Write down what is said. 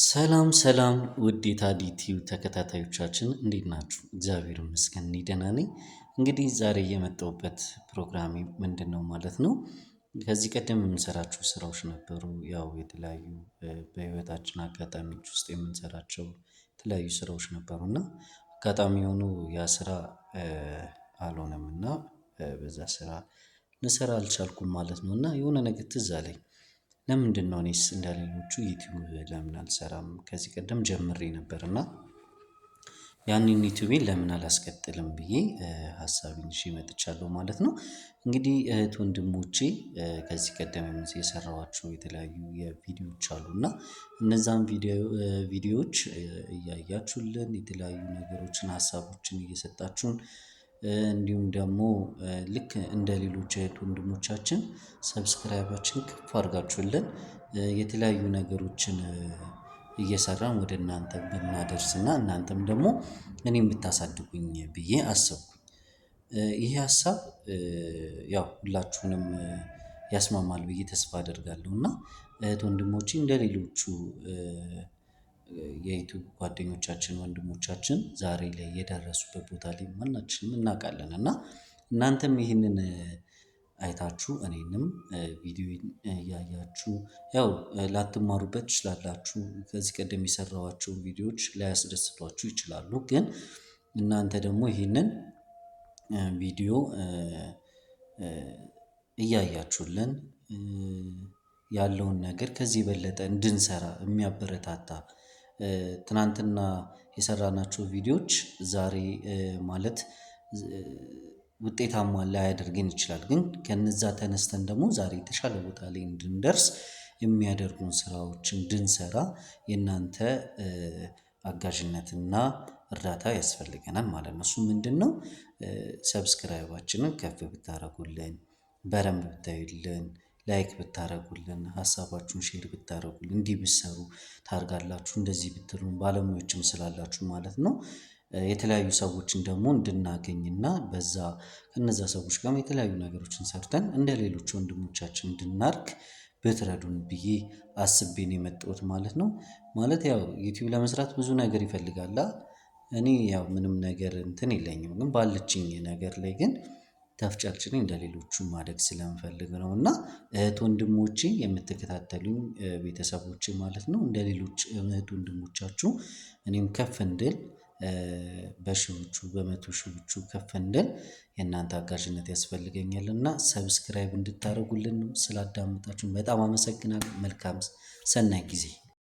ሰላም ሰላም ውድ የታዲ ተከታታዮቻችን እንዴት ናችሁ? እግዚአብሔር ይመስገን እኔ ደህና ነኝ። እንግዲህ ዛሬ የመጣሁበት ፕሮግራም ምንድን ነው ማለት ነው። ከዚህ ቀደም የምንሰራቸው ስራዎች ነበሩ። ያው የተለያዩ በህይወታችን አጋጣሚዎች ውስጥ የምንሰራቸው የተለያዩ ስራዎች ነበሩ እና አጋጣሚ የሆኑ ያ ስራ አልሆነም እና በዛ ስራ ንሰራ አልቻልኩም ማለት ነው እና የሆነ ነገር ትዝ አለኝ ለምንድን ነው እኔስ እንደ ሌሎቹ ዩቲዩብ ለምን አልሰራም? ከዚህ ቀደም ጀምሬ ነበር እና ያንን ዩቲዩቤን ለምን አላስቀጥልም ብዬ ሀሳቢን ይዤ መጥቻለሁ ማለት ነው። እንግዲህ እህት ወንድሞቼ ከዚህ ቀደም ምስ የሰራኋቸው የተለያዩ የቪዲዮዎች አሉ እና እነዛን ቪዲዮዎች እያያችሁልን የተለያዩ ነገሮችን ሀሳቦችን እየሰጣችሁን እንዲሁም ደግሞ ልክ እንደ ሌሎች እህት ወንድሞቻችን ሰብስክራይባችን ከፍ አድርጋችሁልን የተለያዩ ነገሮችን እየሰራን ወደ እናንተ ብናደርስና እናንተም ደግሞ እኔ የምታሳድጉኝ ብዬ አሰብኩኝ። ይህ ሀሳብ ያው ሁላችሁንም ያስማማል ብዬ ተስፋ አደርጋለሁ። እና እህት ወንድሞቼ እንደሌሎቹ የዩቲዩብ ጓደኞቻችን ወንድሞቻችን ዛሬ ላይ የደረሱበት ቦታ ላይ ማናችንም እናውቃለን እና እናንተም ይህንን አይታችሁ እኔንም ቪዲዮ እያያችሁ ያው ላትማሩበት ትችላላችሁ። ከዚህ ቀደም የሚሰራዋቸው ቪዲዮዎች ላያስደስቷችሁ ይችላሉ። ግን እናንተ ደግሞ ይህንን ቪዲዮ እያያችሁልን ያለውን ነገር ከዚህ የበለጠ እንድንሰራ የሚያበረታታ ትናንትና የሰራናቸው ቪዲዮዎች ዛሬ ማለት ውጤታማ ላያደርገን ይችላል። ግን ከነዛ ተነስተን ደግሞ ዛሬ የተሻለ ቦታ ላይ እንድንደርስ የሚያደርጉን ስራዎች እንድንሰራ የእናንተ አጋዥነትና እርዳታ ያስፈልገናል ማለት ነው። እሱ ምንድነው? ሰብስክራይባችንን ከፍ ብታደርጉልን በደንብ ብታዩልን ላይክ ብታደረጉልን፣ ሀሳባችሁን ሼር ብታደረጉልን፣ እንዲህ ብትሰሩ ታርጋላችሁ፣ እንደዚህ ብትሉ ባለሙያዎችም ስላላችሁ ማለት ነው የተለያዩ ሰዎችን ደግሞ እንድናገኝ እንድናገኝና በዛ ከነዛ ሰዎች ጋር የተለያዩ ነገሮችን ሰርተን እንደ ሌሎች ወንድሞቻችን እንድናርግ ብትረዱን ብዬ አስቤን ነው የመጣሁት ማለት ነው። ማለት ያው ዩቲዩብ ለመስራት ብዙ ነገር ይፈልጋላ። እኔ ያው ምንም ነገር እንትን የለኝም ግን ባለችኝ ነገር ላይ ግን ተፍጨርጭሬ እንደሌሎቹ ማደግ ስለምፈልግ ነው። እና እህት ወንድሞቼ የምትከታተሉኝ ቤተሰቦች ማለት ነው እንደሌሎች እህት ወንድሞቻችሁ እኔም ከፍ እንድል በሺዎቹ በመቶ ሺዎቹ ከፍ እንድል የእናንተ አጋዥነት ያስፈልገኛል እና ሰብስክራይብ እንድታደርጉልን ስላዳመጣችሁ በጣም አመሰግናለሁ። መልካም ሰናይ ጊዜ